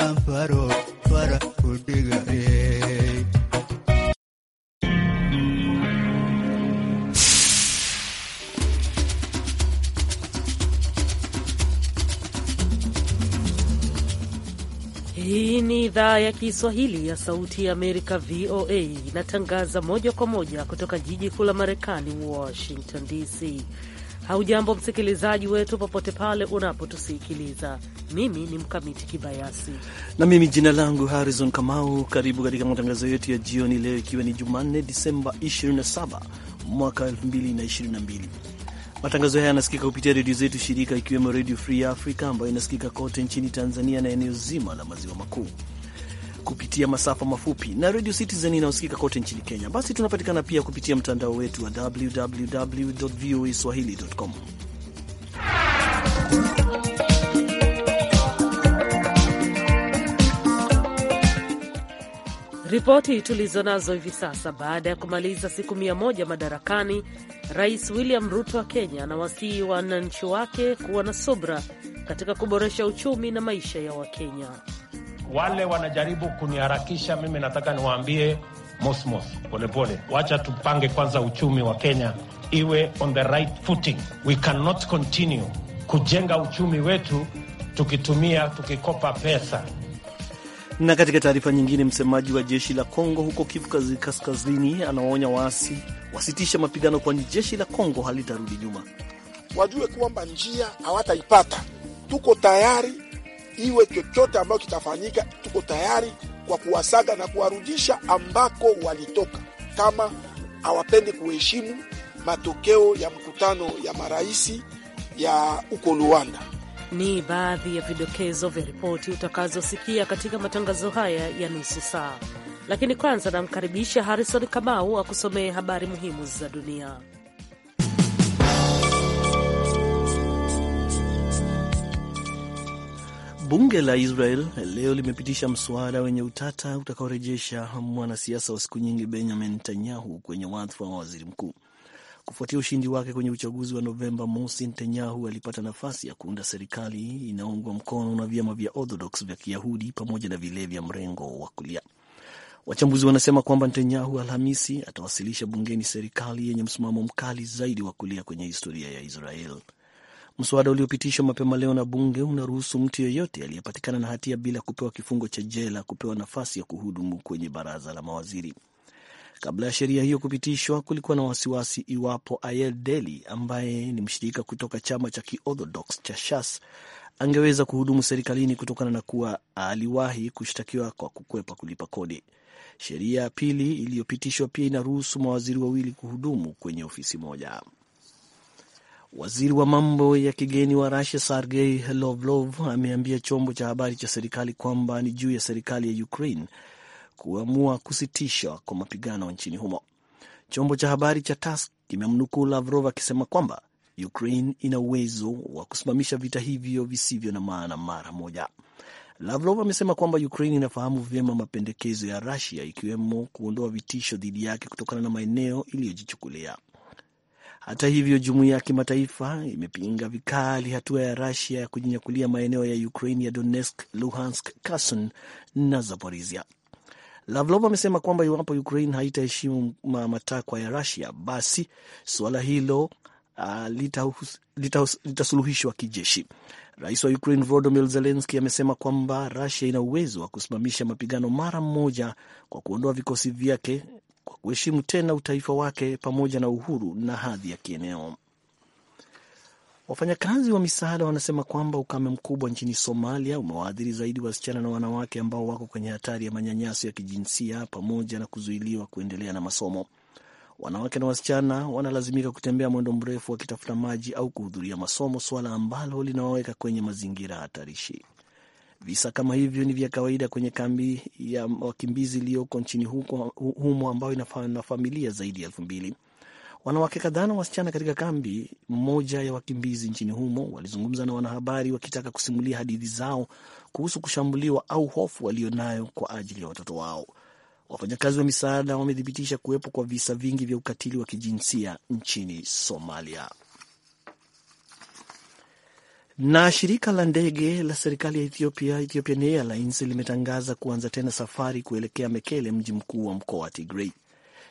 Eh. Hii ni idhaa ya Kiswahili ya Sauti ya Amerika, VOA, inatangaza moja kwa moja kutoka jiji kuu la Marekani, Washington DC. Haujambo msikilizaji wetu popote pale unapotusikiliza. Mimi ni Mkamiti Kibayasi na mimi jina langu Harrison Kamau. Karibu katika matangazo yetu ya jioni leo, ikiwa ni Jumanne Disemba 27 mwaka 2022. Matangazo haya yanasikika kupitia redio zetu shirika, ikiwemo Redio Free Africa ambayo inasikika kote nchini Tanzania na eneo zima la maziwa makuu kupitia masafa mafupi na Radio Citizen inayosikika kote nchini Kenya. Basi tunapatikana pia kupitia mtandao wetu wa www voa swahili.com. Ripoti tulizo nazo hivi sasa. Baada ya kumaliza siku mia moja madarakani, Rais William Ruto wa Kenya anawasihi wananchi wake kuwa na subra katika kuboresha uchumi na maisha ya Wakenya. Wale wanajaribu kuniharakisha mimi, nataka niwaambie mosmos, polepole, wacha tupange kwanza uchumi wa Kenya iwe on the right footing. We cannot continue kujenga uchumi wetu tukitumia tukikopa pesa. Na katika taarifa nyingine, msemaji wa jeshi la Kongo huko Kivu Kaskazini anawaonya waasi wasitishe mapigano, kwani jeshi la Kongo halitarudi nyuma. Wajue kwamba njia hawataipata, tuko tayari iwe chochote ambayo kitafanyika, tuko tayari kwa kuwasaga na kuwarudisha ambako walitoka, kama hawapendi kuheshimu matokeo ya mkutano ya maraisi ya uko Luanda. Ni baadhi ya vidokezo vya ripoti utakazosikia katika matangazo haya ya nusu saa, lakini kwanza namkaribisha Harrison Kamau akusomee habari muhimu za dunia. Bunge la Israel leo limepitisha mswada wenye utata utakaorejesha mwanasiasa wa siku nyingi Benjamin Netanyahu kwenye wadhifa wa waziri mkuu. Kufuatia ushindi wake kwenye uchaguzi wa Novemba mosi, Netanyahu alipata nafasi ya kuunda serikali inayoungwa mkono na vyama vya Orthodox vya Kiyahudi pamoja na vile vya mrengo wa kulia. Wachambuzi wanasema kwamba Netanyahu Alhamisi atawasilisha bungeni serikali yenye msimamo mkali zaidi wa kulia kwenye historia ya Israel. Mswada uliopitishwa mapema leo na bunge unaruhusu mtu yeyote aliyepatikana na hatia bila kupewa kifungo cha jela kupewa nafasi ya kuhudumu kwenye baraza la mawaziri. Kabla ya sheria hiyo kupitishwa, kulikuwa na wasiwasi iwapo Ayel Deli ambaye ni mshirika kutoka chama cha kiorthodox cha Shas angeweza kuhudumu serikalini kutokana na kuwa aliwahi kushtakiwa kwa kukwepa kulipa kodi. Sheria ya pili iliyopitishwa pia inaruhusu mawaziri wawili kuhudumu kwenye ofisi moja. Waziri wa mambo ya kigeni wa Rusia Sergei Lavrov ameambia chombo cha habari cha serikali kwamba ni juu ya serikali ya Ukraine kuamua kusitishwa kwa mapigano nchini humo. Chombo cha habari cha TASS kimemnukuu Lavrov akisema kwamba Ukraine ina uwezo wa kusimamisha vita hivyo visivyo na maana mara moja. Lavrov amesema kwamba Ukraine inafahamu vyema mapendekezo ya Rusia, ikiwemo kuondoa vitisho dhidi yake kutokana na maeneo iliyojichukulia. Hata hivyo, jumuiya ya kimataifa imepinga vikali hatua ya rasia ya kujinyakulia maeneo ya Ukraine ya Donetsk, Luhansk, Kherson na Zaporizhia. Lavrov amesema kwamba iwapo Ukraine haitaheshimu matakwa ya rasia basi suala hilo Uh, litasuluhishwa lita, lita kijeshi. Rais wa Ukraine Volodymyr Zelensky amesema kwamba rasia ina uwezo wa kusimamisha mapigano mara mmoja kwa kuondoa vikosi vyake kwa kuheshimu tena utaifa wake pamoja na uhuru na hadhi ya kieneo. Wafanyakazi wa misaada wanasema kwamba ukame mkubwa nchini Somalia umewaathiri zaidi wasichana na wanawake ambao wako kwenye hatari ya manyanyaso ya kijinsia pamoja na kuzuiliwa kuendelea na masomo. Wanawake na wasichana wanalazimika kutembea mwendo mrefu wakitafuta maji au kuhudhuria masomo, suala ambalo linawaweka kwenye mazingira hatarishi. Visa kama hivyo ni vya kawaida kwenye kambi ya wakimbizi iliyoko nchini humo ambayo ina familia zaidi ya elfu mbili. Wanawake kadhaa na wasichana katika kambi moja ya wakimbizi nchini humo walizungumza na wanahabari wakitaka kusimulia hadithi zao kuhusu kushambuliwa au hofu walionayo kwa ajili ya watoto wao. Wafanyakazi wa misaada wamethibitisha kuwepo kwa visa vingi vya ukatili wa kijinsia nchini Somalia. Na shirika la ndege la serikali ya Ethiopia, Ethiopian Airlines, limetangaza kuanza tena safari kuelekea Mekele, mji mkuu wa mkoa wa Tigray.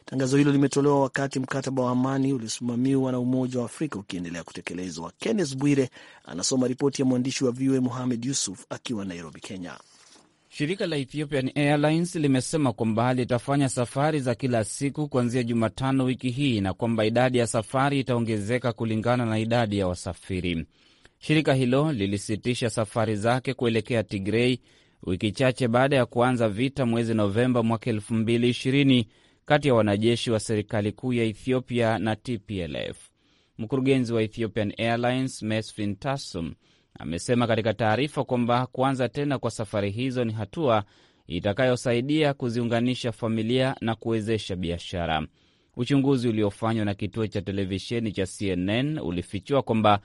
Tangazo hilo limetolewa wakati mkataba wa amani uliosimamiwa na Umoja wa Afrika ukiendelea kutekelezwa. Kenneth Bwire anasoma ripoti ya mwandishi wa VOA Mohamed Yusuf akiwa Nairobi, Kenya. Shirika la Ethiopian Airlines limesema kwamba litafanya safari za kila siku kuanzia Jumatano wiki hii na kwamba idadi ya safari itaongezeka kulingana na idadi ya wasafiri. Shirika hilo lilisitisha safari zake kuelekea Tigrei wiki chache baada ya kuanza vita mwezi Novemba mwaka 2020 kati ya wanajeshi wa serikali kuu ya Ethiopia na TPLF. Mkurugenzi wa Ethiopian Airlines Mesfin Tasum amesema katika taarifa kwamba kuanza tena kwa safari hizo ni hatua itakayosaidia kuziunganisha familia na kuwezesha biashara. Uchunguzi uliofanywa na kituo cha televisheni cha CNN ulifichua kwamba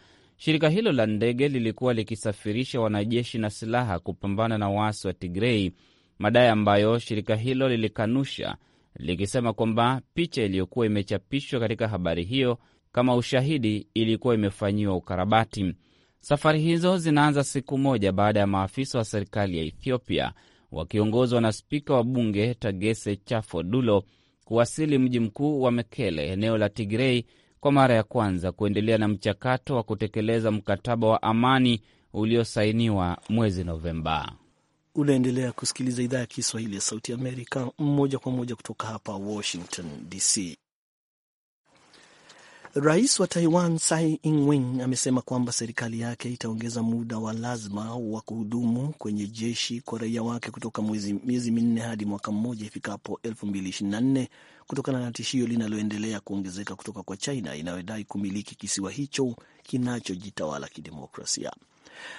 Shirika hilo la ndege lilikuwa likisafirisha wanajeshi na silaha kupambana na waasi wa Tigrei, madai ambayo shirika hilo lilikanusha likisema kwamba picha iliyokuwa imechapishwa katika habari hiyo kama ushahidi ilikuwa imefanyiwa ukarabati. Safari hizo zinaanza siku moja baada ya maafisa wa serikali ya Ethiopia wakiongozwa na spika wa bunge Tagese Chafo Dulo kuwasili mji mkuu wa Mekele, eneo la Tigrei, kwa mara ya kwanza kuendelea na mchakato wa kutekeleza mkataba wa amani uliosainiwa mwezi Novemba. Unaendelea kusikiliza idhaa ya Kiswahili ya Sauti Amerika moja kwa moja kutoka hapa Washington DC. Rais wa Taiwan Tsai Ing-wen amesema kwamba serikali yake itaongeza muda wa lazima wa kuhudumu kwenye jeshi kwa raia wake kutoka miezi minne hadi mwaka mmoja ifikapo 2024 kutokana na tishio linaloendelea kuongezeka kutoka kwa China inayodai kumiliki kisiwa hicho kinachojitawala kidemokrasia.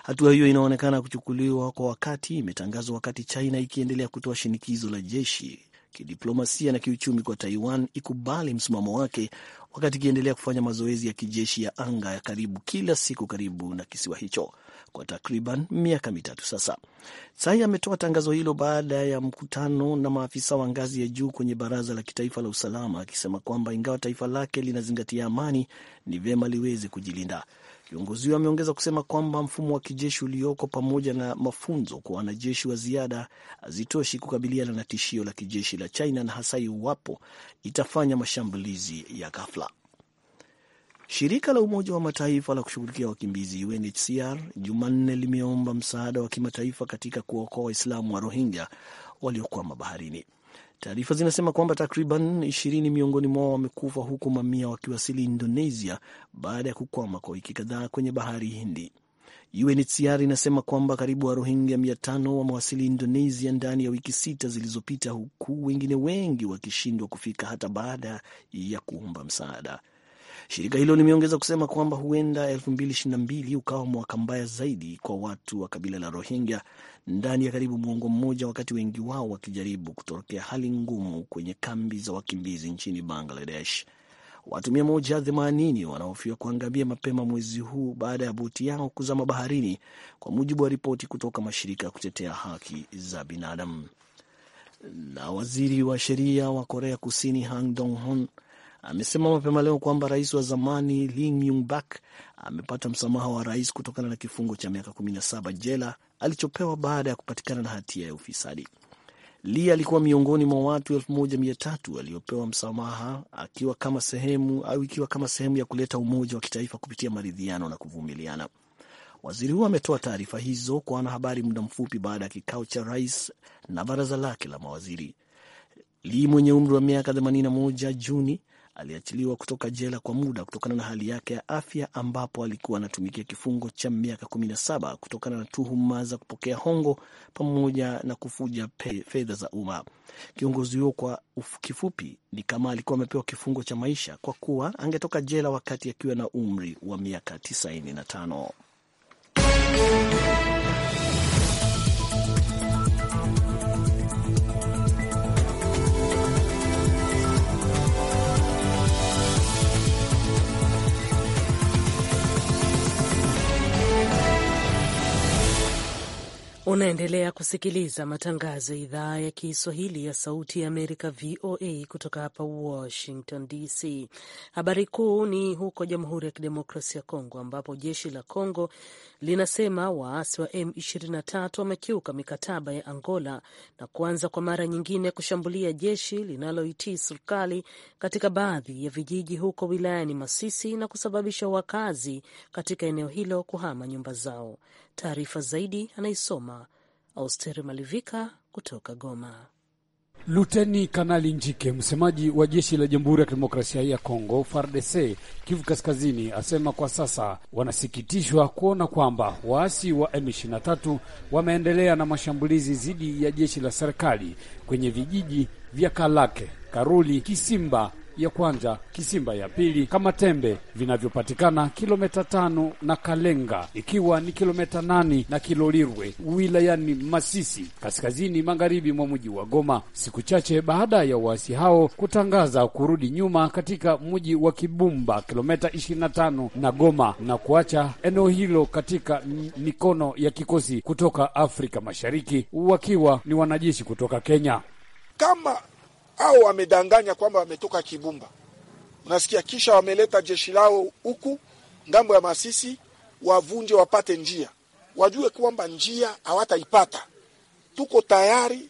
Hatua hiyo inaonekana kuchukuliwa kwa wakati, imetangazwa wakati China ikiendelea kutoa shinikizo la jeshi kidiplomasia na kiuchumi kwa Taiwan ikubali msimamo wake wakati ikiendelea kufanya mazoezi ya kijeshi ya anga ya karibu kila siku karibu na kisiwa hicho kwa takriban miaka mitatu sasa. Tsai ametoa tangazo hilo baada ya mkutano na maafisa wa ngazi ya juu kwenye Baraza la Kitaifa la Usalama, akisema kwamba ingawa taifa lake linazingatia amani, ni vyema liweze kujilinda. Kiongozi huyo ameongeza kusema kwamba mfumo wa kijeshi ulioko pamoja na mafunzo kwa wanajeshi wa ziada hazitoshi kukabiliana na tishio la kijeshi la China na hasa iwapo itafanya mashambulizi ya ghafla. Shirika la Umoja wa Mataifa la kushughulikia wakimbizi UNHCR Jumanne limeomba msaada wa kimataifa katika kuwaokoa Waislamu wa Rohingya waliokwama baharini. Taarifa zinasema kwamba takriban ishirini miongoni mwao wamekufa huku mamia wakiwasili Indonesia baada ya kukwama kwa wiki kadhaa kwenye bahari Hindi. UNHCR inasema kwamba karibu Rohingya mia tano wamewasili Indonesia ndani ya wiki sita zilizopita, huku wengine wengi wakishindwa kufika hata baada ya kuomba msaada. Shirika hilo limeongeza kusema kwamba huenda 2022 ukawa mwaka mbaya zaidi kwa watu wa kabila la Rohingya ndani ya karibu mwongo mmoja, wakati wengi wao wakijaribu kutorokea hali ngumu kwenye kambi za wakimbizi nchini Bangladesh. Watu 180 wanahofiwa kuangamia mapema mwezi huu baada ya boti yao kuzama baharini, kwa mujibu wa ripoti kutoka mashirika ya kutetea haki za binadamu. Na waziri wa sheria wa Korea Kusini Han Dong-hoon amesema mapema leo kwamba rais wa zamani Lee Myung-bak amepata msamaha wa rais kutokana na kifungo cha miaka 17 jela alichopewa baada ya kupatikana na hatia ya ufisadi. Lee alikuwa miongoni mwa watu 1300 waliopewa msamaha akiwa kama sehemu au ikiwa kama sehemu ya kuleta umoja wa kitaifa kupitia maridhiano na kuvumiliana. Waziri huo ametoa taarifa hizo kwa wanahabari muda mfupi baada ya kikao cha rais na baraza lake la mawaziri. Lee mwenye umri wa miaka 81 Juni aliachiliwa kutoka jela kwa muda kutokana na hali yake ya afya, ambapo alikuwa anatumikia kifungo cha miaka 17 kutokana na tuhuma za kupokea hongo pamoja na kufuja fedha za umma. Kiongozi huo kwa kifupi ni kama alikuwa amepewa kifungo cha maisha kwa kuwa angetoka jela wakati akiwa na umri wa miaka 95. Unaendelea kusikiliza matangazo ya idhaa ya Kiswahili ya Sauti ya Amerika, VOA, kutoka hapa Washington DC. Habari kuu ni huko Jamhuri ya Kidemokrasia ya Kongo, ambapo jeshi la Kongo linasema waasi wa M23 wamekiuka mikataba ya Angola na kuanza kwa mara nyingine kushambulia jeshi linaloitii serikali katika baadhi ya vijiji huko wilayani Masisi na kusababisha wakazi katika eneo hilo kuhama nyumba zao. Taarifa zaidi anaisoma Austeri Malivika kutoka Goma. Luteni Kanali Njike, msemaji wa jeshi la Jamhuri ya Kidemokrasia ya Kongo, FARDC, Kivu Kaskazini, asema kwa sasa wanasikitishwa kuona kwamba waasi wa M23 wameendelea na mashambulizi dhidi ya jeshi la serikali kwenye vijiji vya Kalake, Karuli, Kisimba ya kwanza, Kisimba ya pili, kama Tembe vinavyopatikana kilomita tano na Kalenga, ikiwa ni kilomita nane na Kilolirwe wilayani Masisi, kaskazini magharibi mwa mji wa Goma, siku chache baada ya waasi hao kutangaza kurudi nyuma katika mji wa Kibumba, kilomita 25 na Goma, na kuacha eneo hilo katika mikono ya kikosi kutoka Afrika Mashariki, wakiwa ni wanajeshi kutoka Kenya. Kama au wamedanganya kwamba wametoka Kibumba, unasikia. Kisha wameleta jeshi lao huku ngambo ya Masisi, wavunje, wapate njia, wajue kwamba njia hawataipata. Tuko tayari,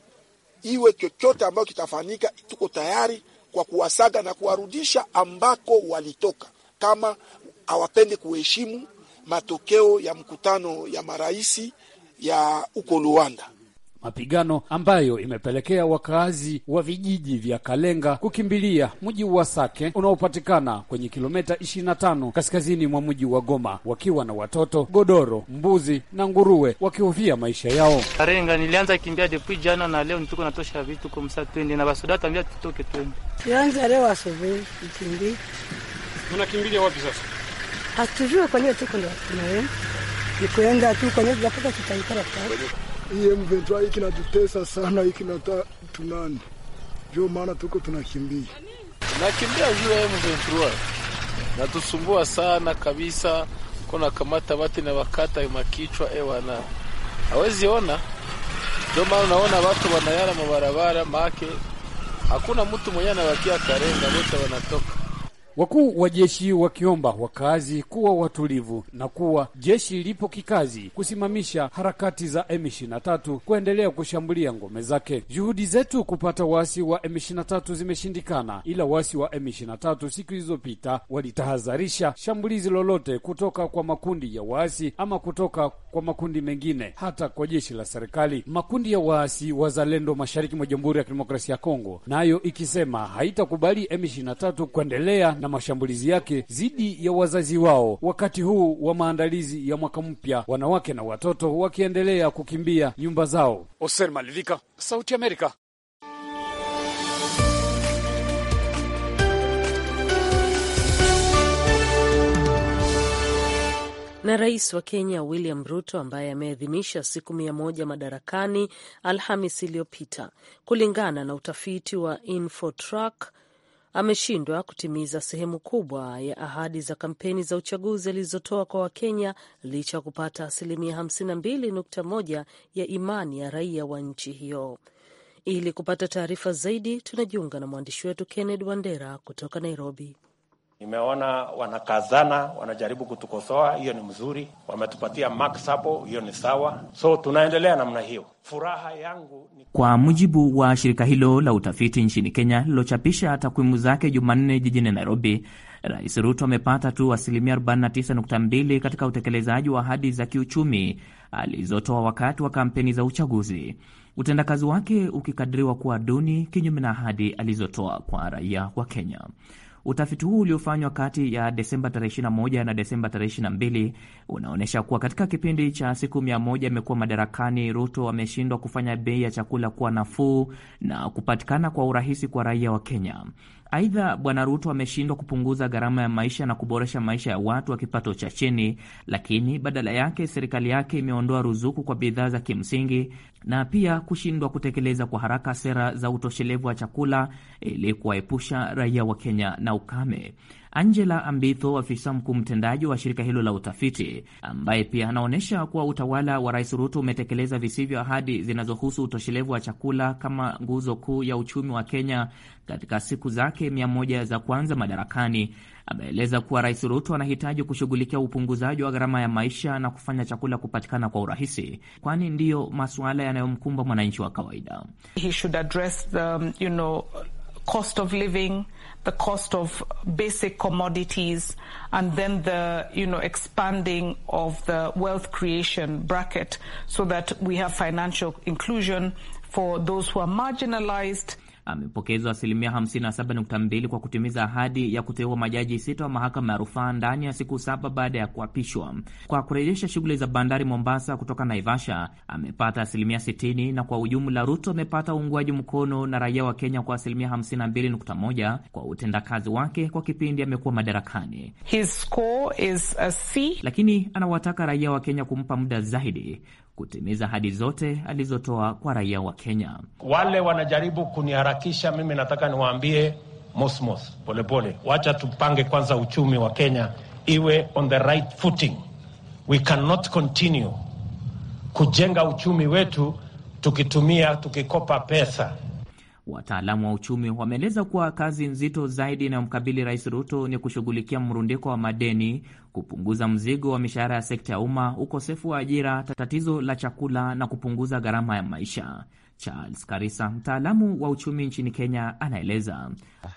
iwe chochote ambayo kitafanyika, tuko tayari kwa kuwasaga na kuwarudisha ambako walitoka, kama hawapendi kuheshimu matokeo ya mkutano ya maraisi ya huko Luanda mapigano ambayo imepelekea wakaazi wa vijiji vya Kalenga kukimbilia mji wa Sake unaopatikana kwenye kilomita 25 kaskazini mwa mji wa Goma, wakiwa na watoto, godoro, mbuzi na nguruwe, wakihofia maisha yao. Karenga nilianza kimbia depuis jana na leo nituko natosha vitu kwa msa twende na basoda tambia tutoke twende. Tuanze leo asubuhi kimbia. Unakimbilia wapi sasa? Hatujue kwa nini tuko ndio tunaenda. Nikuenda tu kwa nini tunapata tutaikara kwa. Iye mvetwa hiki kinatutesa sana, hiki tunani, ndio maana tuko tunakimbia, nakimbia juu ya e mvetwa natusumbua sana kabisa, kuna kamata bati na wakata makichwa ewana eh, hawezi ona, ndio maana unaona watu wanayala mabarabara make hakuna mtu mwenye anawakia karenga, wote wanatoka Wakuu wa jeshi wakiomba wakazi kuwa watulivu na kuwa jeshi lipo kikazi kusimamisha harakati za M23 kuendelea kushambulia ngome zake. Juhudi zetu kupata waasi wa M23 zimeshindikana, ila waasi wa M23 siku zilizopita walitahadharisha shambulizi lolote kutoka kwa makundi ya waasi ama kutoka kwa makundi mengine, hata kwa jeshi la serikali. Makundi ya waasi wazalendo mashariki mwa Jamhuri ya Kidemokrasia ya Kongo nayo ikisema haitakubali M23 kuendelea na mashambulizi yake dhidi ya wazazi wao, wakati huu wa maandalizi ya mwaka mpya, wanawake na watoto wakiendelea kukimbia nyumba zao. Oser Malivika, Sauti Amerika. na rais wa Kenya William Ruto ambaye ameadhimisha siku mia moja madarakani Alhamis iliyopita kulingana na utafiti wa Infotrack ameshindwa kutimiza sehemu kubwa ya ahadi za kampeni za uchaguzi alizotoa kwa Wakenya licha ya kupata asilimia 52.1 ya imani ya raia wa nchi hiyo. Ili kupata taarifa zaidi, tunajiunga na mwandishi wetu Kenneth Wandera kutoka Nairobi. Nimeona wanakazana, wanajaribu kutukosoa, hiyo ni mzuri. Wametupatia max hapo, hiyo ni sawa, so tunaendelea namna hiyo. Furaha yangu ni... Kwa mujibu wa shirika hilo la utafiti nchini Kenya lilochapisha takwimu zake Jumanne jijini Nairobi, Rais Ruto amepata tu asilimia 49.2 katika utekelezaji wa ahadi za kiuchumi alizotoa wakati wa kampeni za uchaguzi, utendakazi wake ukikadiriwa kuwa duni, kinyume na ahadi alizotoa kwa raia wa Kenya. Utafiti huu uliofanywa kati ya Desemba 21 na Desemba 22 unaonyesha kuwa katika kipindi cha siku 100 amekuwa madarakani, Ruto ameshindwa kufanya bei ya chakula kuwa nafuu na kupatikana kwa urahisi kwa raia wa Kenya. Aidha, Bwana Ruto ameshindwa kupunguza gharama ya maisha na kuboresha maisha ya watu wa kipato cha chini, lakini badala yake serikali yake imeondoa ruzuku kwa bidhaa za kimsingi na pia kushindwa kutekeleza kwa haraka sera za utoshelevu wa chakula ili kuwaepusha raia wa Kenya na ukame. Angela Ambitho, afisa mkuu mtendaji wa shirika hilo la utafiti, ambaye pia anaonyesha kuwa utawala wa Rais Ruto umetekeleza visivyo ahadi zinazohusu utoshelevu wa chakula kama nguzo kuu ya uchumi wa Kenya katika siku zake mia moja za kwanza madarakani. Ameeleza kuwa Rais Ruto anahitaji kushughulikia upunguzaji wa gharama ya maisha na kufanya chakula kupatikana kwa urahisi, kwani ndiyo masuala yanayomkumba mwananchi wa kawaida. He should address the, you know, cost of living, the cost of basic commodities, and then the you know expanding of the wealth creation bracket, so that we have financial inclusion for those who are marginalized amepokezwa asilimia 57.2 kwa kutimiza ahadi ya kuteua majaji sita wa mahakama ya rufaa ndani ya siku saba baada ya kuapishwa. Kwa kurejesha shughuli za bandari Mombasa kutoka Naivasha amepata asilimia 60, na kwa ujumla Ruto amepata uungwaji mkono na raia wa Kenya kwa asilimia 52.1 kwa utendakazi wake kwa kipindi amekuwa madarakani. His score is a C. Lakini anawataka raia wa Kenya kumpa muda zaidi kutimiza ahadi zote alizotoa kwa raia wa Kenya. Wale wanajaribu kuniharakisha mimi, nataka niwaambie mosmos, polepole, wacha tupange kwanza uchumi wa Kenya iwe on the right footing. We cannot continue kujenga uchumi wetu tukitumia, tukikopa pesa Wataalamu wa uchumi wameeleza kuwa kazi nzito zaidi inayomkabili Rais Ruto ni kushughulikia mrundiko wa madeni, kupunguza mzigo wa mishahara ya sekta ya umma, ukosefu wa ajira, tatizo la chakula na kupunguza gharama ya maisha. Charles Karisa, mtaalamu wa uchumi nchini Kenya, anaeleza.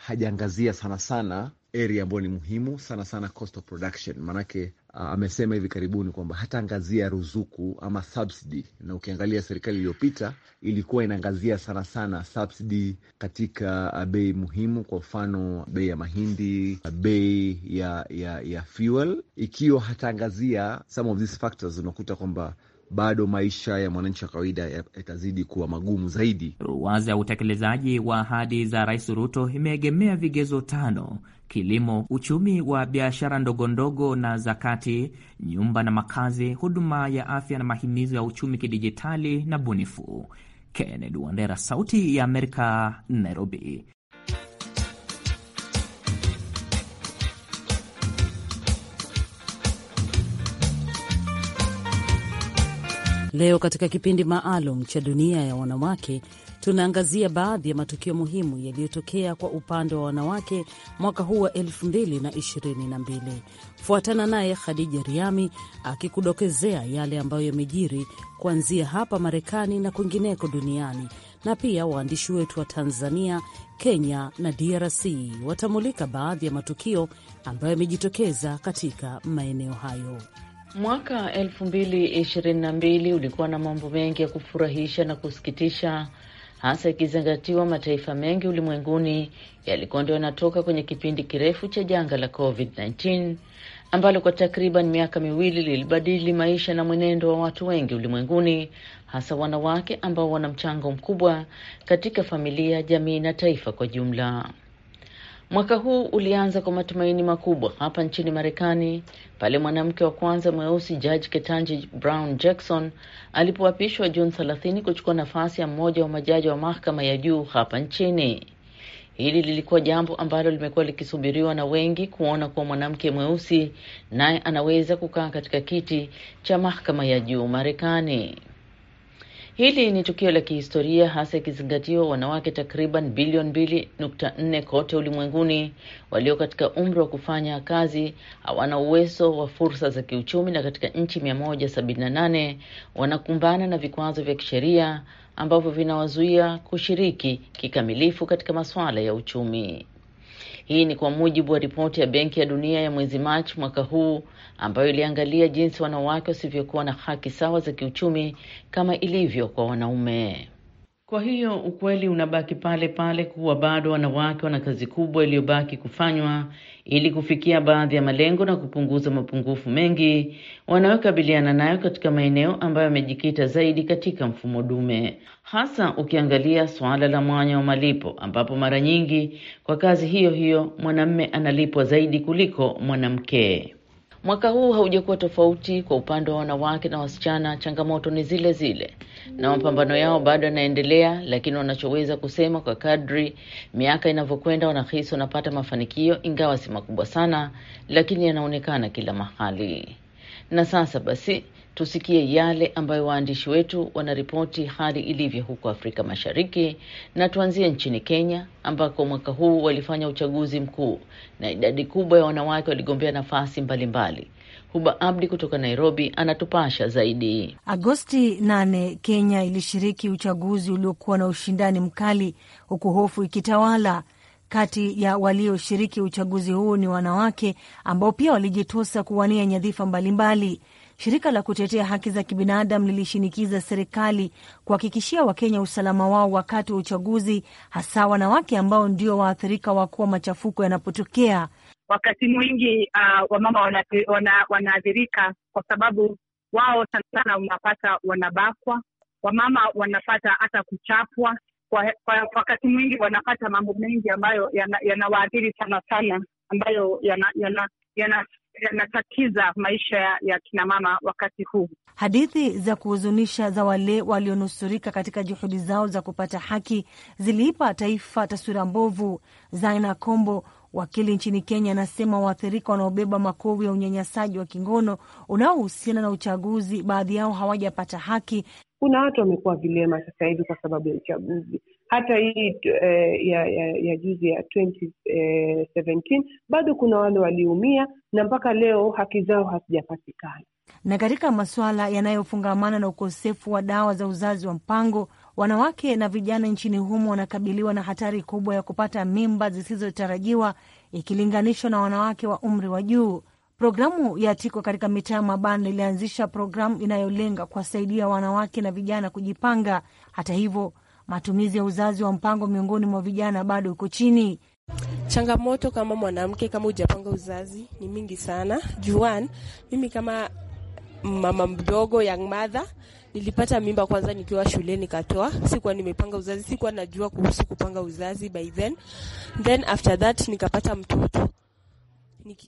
Hajaangazia sana sana area ambayo ni muhimu sana sana cost of production, maanake amesema hivi karibuni kwamba hataangazia ruzuku ama subsidy, na ukiangalia serikali iliyopita ilikuwa inaangazia sana sana subsidy katika bei muhimu, kwa mfano bei ya mahindi, bei ya, ya, ya fuel. Ikiwa hataangazia some of these factors, unakuta kwamba bado maisha ya mwananchi wa kawaida yatazidi kuwa magumu zaidi. Ruwaza ya utekelezaji wa ahadi za Rais Ruto imeegemea vigezo tano kilimo, uchumi wa biashara ndogondogo na zakati, nyumba na makazi, huduma ya afya na mahimizo ya uchumi kidijitali na bunifu. Kennedy Wandera, Sauti ya Amerika, Nairobi. Leo katika kipindi maalum cha dunia ya wanawake tunaangazia baadhi ya matukio muhimu yaliyotokea kwa upande wa wanawake mwaka huu wa 2022. Fuatana naye Khadija Riami akikudokezea yale ambayo yamejiri kuanzia hapa Marekani na kwingineko duniani, na pia waandishi wetu wa Tanzania, Kenya na DRC watamulika baadhi ya matukio ambayo yamejitokeza katika maeneo hayo. Mwaka 2022 ulikuwa na mambo mengi ya kufurahisha na kusikitisha hasa ikizingatiwa mataifa mengi ulimwenguni yalikuwa ndio yanatoka kwenye kipindi kirefu cha janga la COVID-19 ambalo kwa takriban miaka miwili lilibadili maisha na mwenendo wa watu wengi ulimwenguni, hasa wanawake ambao wana mchango mkubwa katika familia, jamii na taifa kwa jumla. Mwaka huu ulianza kwa matumaini makubwa hapa nchini Marekani pale mwanamke wa kwanza mweusi Jaji Ketanji Brown Jackson alipoapishwa Juni 30 kuchukua nafasi ya mmoja wa majaji wa mahakama ya juu hapa nchini. Hili lilikuwa jambo ambalo limekuwa likisubiriwa na wengi, kuona kuwa mwanamke mweusi naye anaweza kukaa katika kiti cha mahakama ya juu Marekani. Hili ni tukio la kihistoria hasa ikizingatiwa wanawake takriban bilioni mbili nukta nne kote ulimwenguni walio katika umri wa kufanya kazi hawana uwezo wa fursa za kiuchumi, na katika nchi mia moja sabini na nane wanakumbana na vikwazo vya kisheria ambavyo vinawazuia kushiriki kikamilifu katika masuala ya uchumi. Hii ni kwa mujibu wa ripoti ya Benki ya Dunia ya mwezi Machi mwaka huu ambayo iliangalia jinsi wanawake wasivyokuwa na haki sawa za kiuchumi kama ilivyo kwa wanaume. Kwa hiyo ukweli unabaki pale pale kuwa bado wanawake wana kazi kubwa iliyobaki kufanywa ili kufikia baadhi ya malengo na kupunguza mapungufu mengi wanayokabiliana nayo katika maeneo ambayo yamejikita zaidi katika mfumo dume, hasa ukiangalia suala la mwanya wa malipo, ambapo mara nyingi kwa kazi hiyo hiyo mwanamme analipwa zaidi kuliko mwanamke. Mwaka huu haujakuwa tofauti. Kwa upande wa wanawake na wasichana, changamoto ni zile zile na mapambano yao bado yanaendelea, lakini wanachoweza kusema kwa kadri miaka inavyokwenda, wanahisi wanapata mafanikio, ingawa si makubwa sana, lakini yanaonekana kila mahali. Na sasa basi tusikie yale ambayo waandishi wetu wanaripoti hali ilivyo huko Afrika Mashariki, na tuanzie nchini Kenya ambako mwaka huu walifanya uchaguzi mkuu na idadi kubwa ya wanawake waligombea nafasi mbalimbali. Huba Abdi kutoka Nairobi anatupasha zaidi. Agosti 8 Kenya ilishiriki uchaguzi uliokuwa na ushindani mkali, huku hofu ikitawala. Kati ya walioshiriki uchaguzi huu ni wanawake ambao pia walijitosa kuwania nyadhifa mbalimbali mbali. Shirika la kutetea haki za kibinadamu lilishinikiza serikali kuhakikishia Wakenya usalama wao wakati wa uchaguzi, hasa wanawake ambao ndio waathirika wakuu wa machafuko yanapotokea. Wakati mwingi uh, ah, wamama wanaathirika wana, wana kwa sababu wao sana sana unapata wanabakwa, wamama wanapata hata kuchapwa kwa, kwa wakati mwingi wanapata mambo mengi ambayo yanawaathiri yana sana sana ambayo yana, yana, yana yanatatiza maisha ya, ya kinamama wakati huu. Hadithi za kuhuzunisha za wale walionusurika katika juhudi zao za kupata haki ziliipa taifa taswira mbovu. Zaina Kombo, wakili nchini Kenya, anasema waathirika wanaobeba makovu ya unyanyasaji wa kingono unaohusiana na uchaguzi, baadhi yao hawajapata haki. Kuna watu wamekuwa vilema sasa hivi kwa sababu ya uchaguzi hata hii eh, ya, ya, ya juzi ya 2017 eh, bado kuna wale waliumia na mpaka leo haki zao hazijapatikana. Na katika masuala yanayofungamana na ukosefu wa dawa za uzazi wa mpango, wanawake na vijana nchini humo wanakabiliwa na hatari kubwa ya kupata mimba zisizotarajiwa ikilinganishwa na wanawake wa umri wa juu. Programu ya tiko katika mitaa ya mabanda ilianzisha programu inayolenga kuwasaidia wanawake na vijana kujipanga. Hata hivyo matumizi ya uzazi wa mpango miongoni mwa vijana bado uko chini. Changamoto kama mwanamke kama hujapanga uzazi ni mingi sana. Juan, mimi kama mama mdogo young mother nilipata mimba kwanza nikiwa shule nikatoa. Sikuwa nimepanga uzazi, sikuwa najua kuhusu kupanga uzazi by then. Then after that nikapata mtoto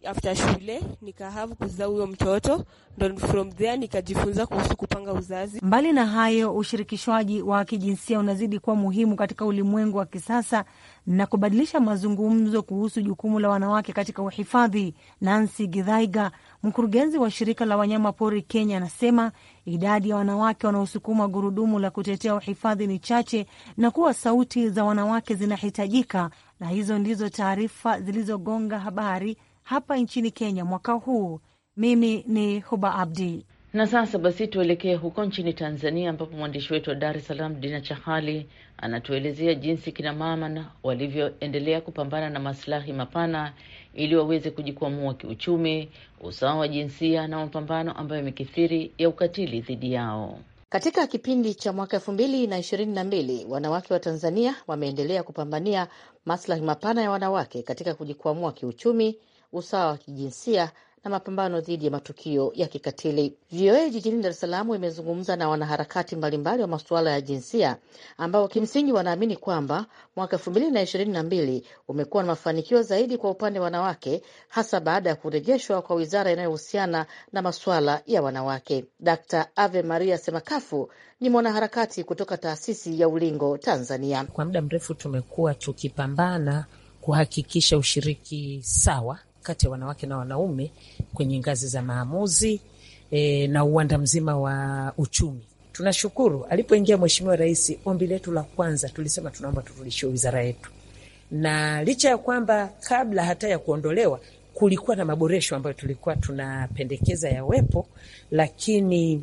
after shule nika have kuzaa huyo mtoto ndo from there nikajifunza kuhusu kupanga uzazi. Mbali na hayo, ushirikishwaji wa kijinsia unazidi kuwa muhimu katika ulimwengu wa kisasa na kubadilisha mazungumzo kuhusu jukumu la wanawake katika uhifadhi. Nancy Githaiga, mkurugenzi wa shirika la wanyama pori Kenya, anasema idadi ya wanawake wanaosukuma gurudumu la kutetea uhifadhi ni chache na kuwa sauti za wanawake zinahitajika, na hizo ndizo taarifa zilizogonga habari hapa nchini Kenya mwaka huu. Mimi ni Huba Abdi. Na sasa basi tuelekee huko nchini Tanzania, ambapo mwandishi wetu wa Dar es Salaam Dina Chahali anatuelezea jinsi kinamama walivyoendelea kupambana na maslahi mapana ili waweze kujikwamua kiuchumi, usawa wa jinsia na mapambano ambayo yamekithiri ya ukatili dhidi yao. Katika kipindi cha mwaka elfu mbili na ishirini na mbili wanawake wa Tanzania wameendelea kupambania maslahi mapana ya wanawake katika kujikwamua kiuchumi usawa wa kijinsia na mapambano dhidi ya matukio ya kikatili. VOA jijini Dar es Salaam imezungumza na wanaharakati mbalimbali wa masuala ya jinsia ambao kimsingi wanaamini kwamba mwaka elfu mbili na ishirini na mbili umekuwa na mafanikio zaidi kwa upande wa wanawake, hasa baada ya kurejeshwa kwa wizara inayohusiana na masuala ya wanawake. Dkt Ave Maria Semakafu ni mwanaharakati kutoka taasisi ya Ulingo Tanzania. Kwa muda mrefu tumekuwa tukipambana kuhakikisha ushiriki sawa kati ya wanawake na wanaume kwenye ngazi za maamuzi e, na uwanda mzima wa uchumi. Tunashukuru alipoingia Mheshimiwa Rais, ombi letu la kwanza tulisema tunaomba turudishie wizara yetu, na licha ya kwamba kabla hata ya kuondolewa kulikuwa na maboresho ambayo tulikuwa tunapendekeza yawepo, lakini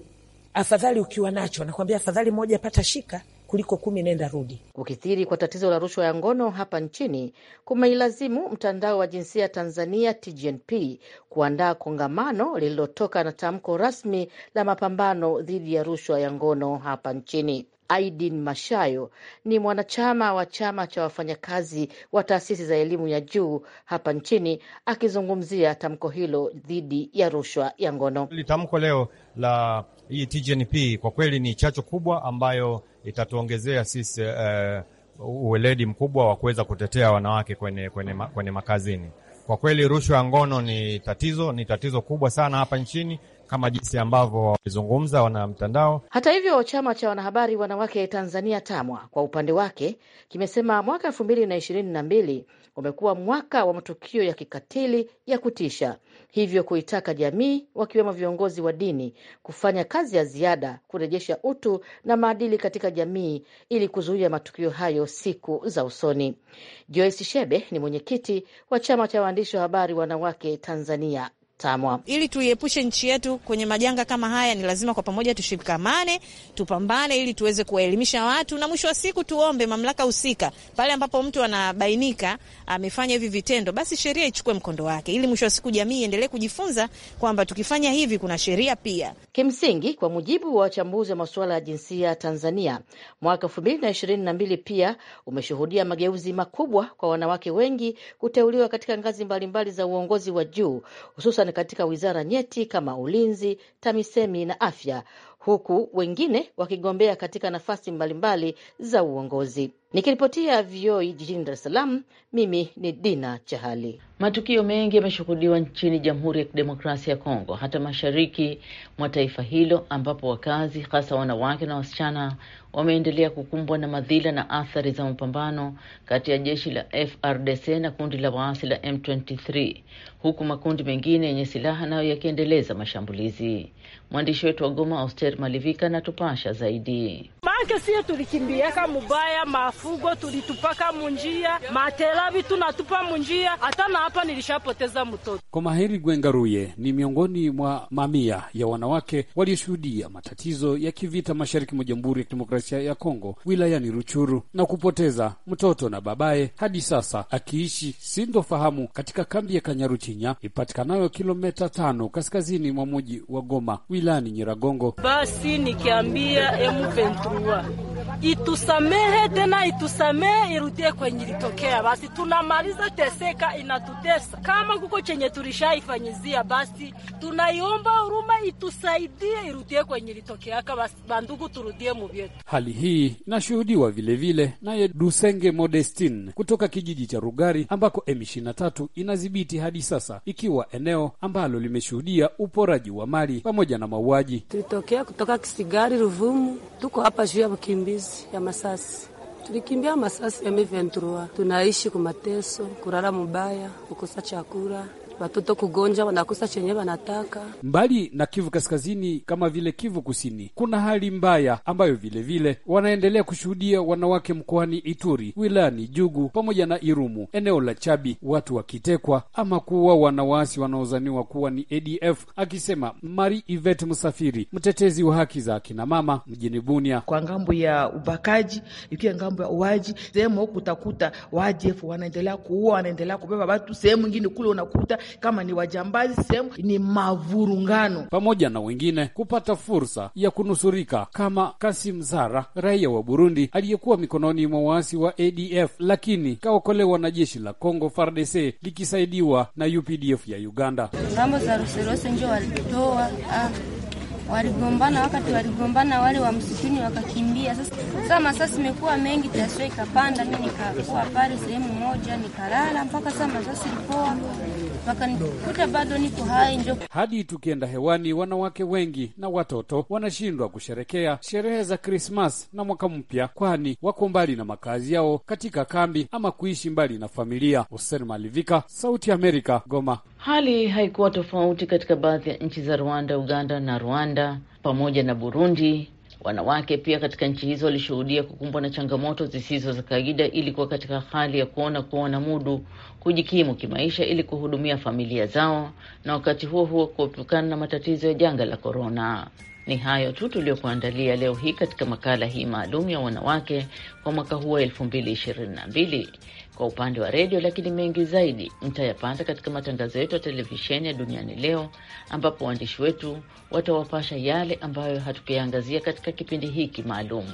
afadhali ukiwa nacho, nakwambia afadhali moja pata shika kuliko kumi nenda rudi. Kukithiri kwa tatizo la rushwa ya ngono hapa nchini kumeilazimu mtandao wa jinsia Tanzania TGNP kuandaa kongamano lililotoka na tamko rasmi la mapambano dhidi ya rushwa ya ngono hapa nchini. Aidin Mashayo ni mwanachama wa chama cha wafanyakazi wa taasisi za elimu ya juu hapa nchini, akizungumzia tamko hilo dhidi ya rushwa ya ngono. Tamko leo la hii TGNP kwa kweli ni chacho kubwa ambayo itatuongezea sisi uh, uweledi mkubwa wa kuweza kutetea wanawake kwenye, kwenye, kwenye makazini. Kwa kweli rushwa ya ngono ni tatizo, ni tatizo kubwa sana hapa nchini kama jinsi ambavyo wamezungumza wana mtandao. Hata hivyo, chama cha wanahabari wanawake Tanzania TAMWA kwa upande wake kimesema mwaka elfu mbili na ishirini na mbili umekuwa mwaka wa matukio ya kikatili ya kutisha, hivyo kuitaka jamii wakiwemo viongozi wa dini kufanya kazi ya ziada kurejesha utu na maadili katika jamii ili kuzuia matukio hayo siku za usoni. Joyce Shebe ni mwenyekiti wa chama cha waandishi wa habari wanawake Tanzania TAMWA. Ili tuiepushe nchi yetu kwenye majanga kama haya, ni lazima kwa pamoja tushikamane, tupambane ili tuweze kuwaelimisha watu, na mwisho wa siku tuombe mamlaka husika, pale ambapo mtu anabainika amefanya hivi vitendo, basi sheria ichukue mkondo wake, ili mwisho wa siku jamii iendelee kujifunza kwamba tukifanya hivi kuna sheria pia. Kimsingi, kwa mujibu wa wachambuzi wa masuala ya jinsia Tanzania, mwaka elfu mbili na ishirini na mbili pia umeshuhudia mageuzi makubwa kwa wanawake wengi kuteuliwa katika ngazi mbalimbali mbali za uongozi wa juu hususan hususan katika wizara nyeti kama Ulinzi, TAMISEMI na Afya huku wengine wakigombea katika nafasi mbalimbali za uongozi. Nikiripotia VOA jijini Dar es Salaam, mimi ni Dina Chahali. Matukio mengi yameshuhudiwa nchini Jamhuri ya Kidemokrasia ya Kongo, hata mashariki mwa taifa hilo, ambapo wakazi hasa wanawake na wasichana wameendelea kukumbwa na madhila na athari za mapambano kati ya jeshi la FRDC na kundi la waasi la M23, huku makundi mengine yenye silaha nayo yakiendeleza mashambulizi. Mwandishi wetu wa Goma, Auster Malivika, anatupasha zaidi. Make sie tulikimbiaka mubaya, mafugo tulitupaka munjia, matela vitu natupa munjia, hata na hapa nilishapoteza mtoto. Komaheri Gwengaruye ni miongoni mwa mamia ya wanawake walioshuhudia matatizo ya kivita mashariki mwa Jamhuri ya Kidemokrasia ya Kongo wilayani Ruchuru na kupoteza mtoto na babaye, hadi sasa akiishi sintofahamu katika kambi ya Kanyaruchinya ipatikanayo kilometa tano kaskazini mwa muji wa Goma wilani Nyiragongo. Basi nikiambia M23 itusamehe tena itusamehe, irudie kwenye ilitokea. Basi tunamaliza teseka, inatutesa kama kuko chenye tulishaifanyizia, basi tunaiomba huruma itusaidie, irudie kwenye ilitokeaka. Basi bandugu, turudie muvyetu. Hali hii inashuhudiwa vilevile naye Dusenge Modestin kutoka kijiji cha Rugari ambako M23 inadhibiti hadi sasa, ikiwa eneo ambalo limeshuhudia uporaji wa mali pamoja na mauaji. Tulitokea kutoka Kisigari, Ruvumu, tuko hapa juu ya mkimbi wakimbizi ya Masasi. Tulikimbia Masasi ya M23, tunaishi kumateso, kurara mubaya, kukosa chakula watoto kugonja, wanakosa chenye wanataka. Mbali na Kivu Kaskazini kama vile Kivu Kusini, kuna hali mbaya ambayo vilevile vile wanaendelea kushuhudia wanawake mkoani Ituri, wilayani Jugu pamoja na Irumu, eneo la Chabi, watu wakitekwa ama kuwa wanawasi wanaozaniwa kuwa ni ADF, akisema Mari ivet Msafiri, mtetezi wa haki za akina mama mjini Bunia. Kwa ngambo ya ubakaji, ikiwa ngambo ya uaji, sehemu huku utakuta wa ADF wanaendelea kuua, wanaendelea kubeba watu, sehemu ingine kule unakuta kama ni wajambazi, sehemu ni mavurungano, pamoja na wengine kupata fursa ya kunusurika kama Kasim Zara, raia wa Burundi aliyekuwa mikononi mwa waasi wa ADF, lakini kaokolewa na jeshi la Kongo FARDC likisaidiwa na UPDF ya Uganda. Ngambo za walitoa ah waligombana, wakati waligombana wale wa msituni wakakimbia. Sasa sasa masasi imekuwa mengi, tasio ikapanda, mi nikakuwa pale sehemu moja nikalala mpaka sasa masasi ilipoa, wakanikuta bado niko hai. Njo hadi tukienda hewani, wanawake wengi na watoto wanashindwa kusherekea sherehe za Krismas na mwaka mpya, kwani wako mbali na makazi yao katika kambi ama kuishi mbali na familia. Hosen Malivika, Sauti Amerika, Goma. Hali haikuwa tofauti katika baadhi ya nchi za Rwanda, Uganda na Rwanda pamoja na Burundi. Wanawake pia katika nchi hizo walishuhudia kukumbwa na changamoto zisizo za kawaida ili kuwa katika hali ya kuona kuwa mudu kujikimu kimaisha ili kuhudumia familia zao, na wakati huo huo kuepukana na matatizo ya janga la korona. Ni hayo tu tuliyokuandalia leo hii katika makala hii maalum ya wanawake kwa mwaka huu wa elfu mbili ishirini na mbili kwa upande wa redio, lakini mengi zaidi mtayapata katika matangazo yetu ya televisheni ya Duniani Leo, ambapo waandishi wetu watawapasha yale ambayo hatukuyaangazia katika kipindi hiki maalum.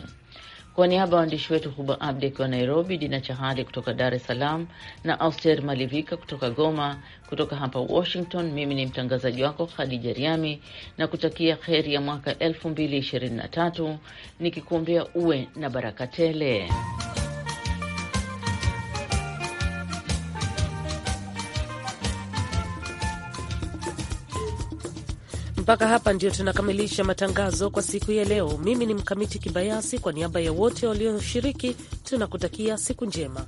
Kwa niaba ya waandishi wetu Huba Abdi akiwa Nairobi, Dina Chahali kutoka Dar es Salaam na Auster Malivika kutoka Goma, kutoka hapa Washington, mimi ni mtangazaji wako Khadija Riami na kutakia kheri ya mwaka 2023 nikikuombea uwe na baraka tele. Mpaka hapa ndio tunakamilisha matangazo kwa siku ya leo. Mimi ni Mkamiti Kibayasi, kwa niaba ya wote walioshiriki, tunakutakia siku njema.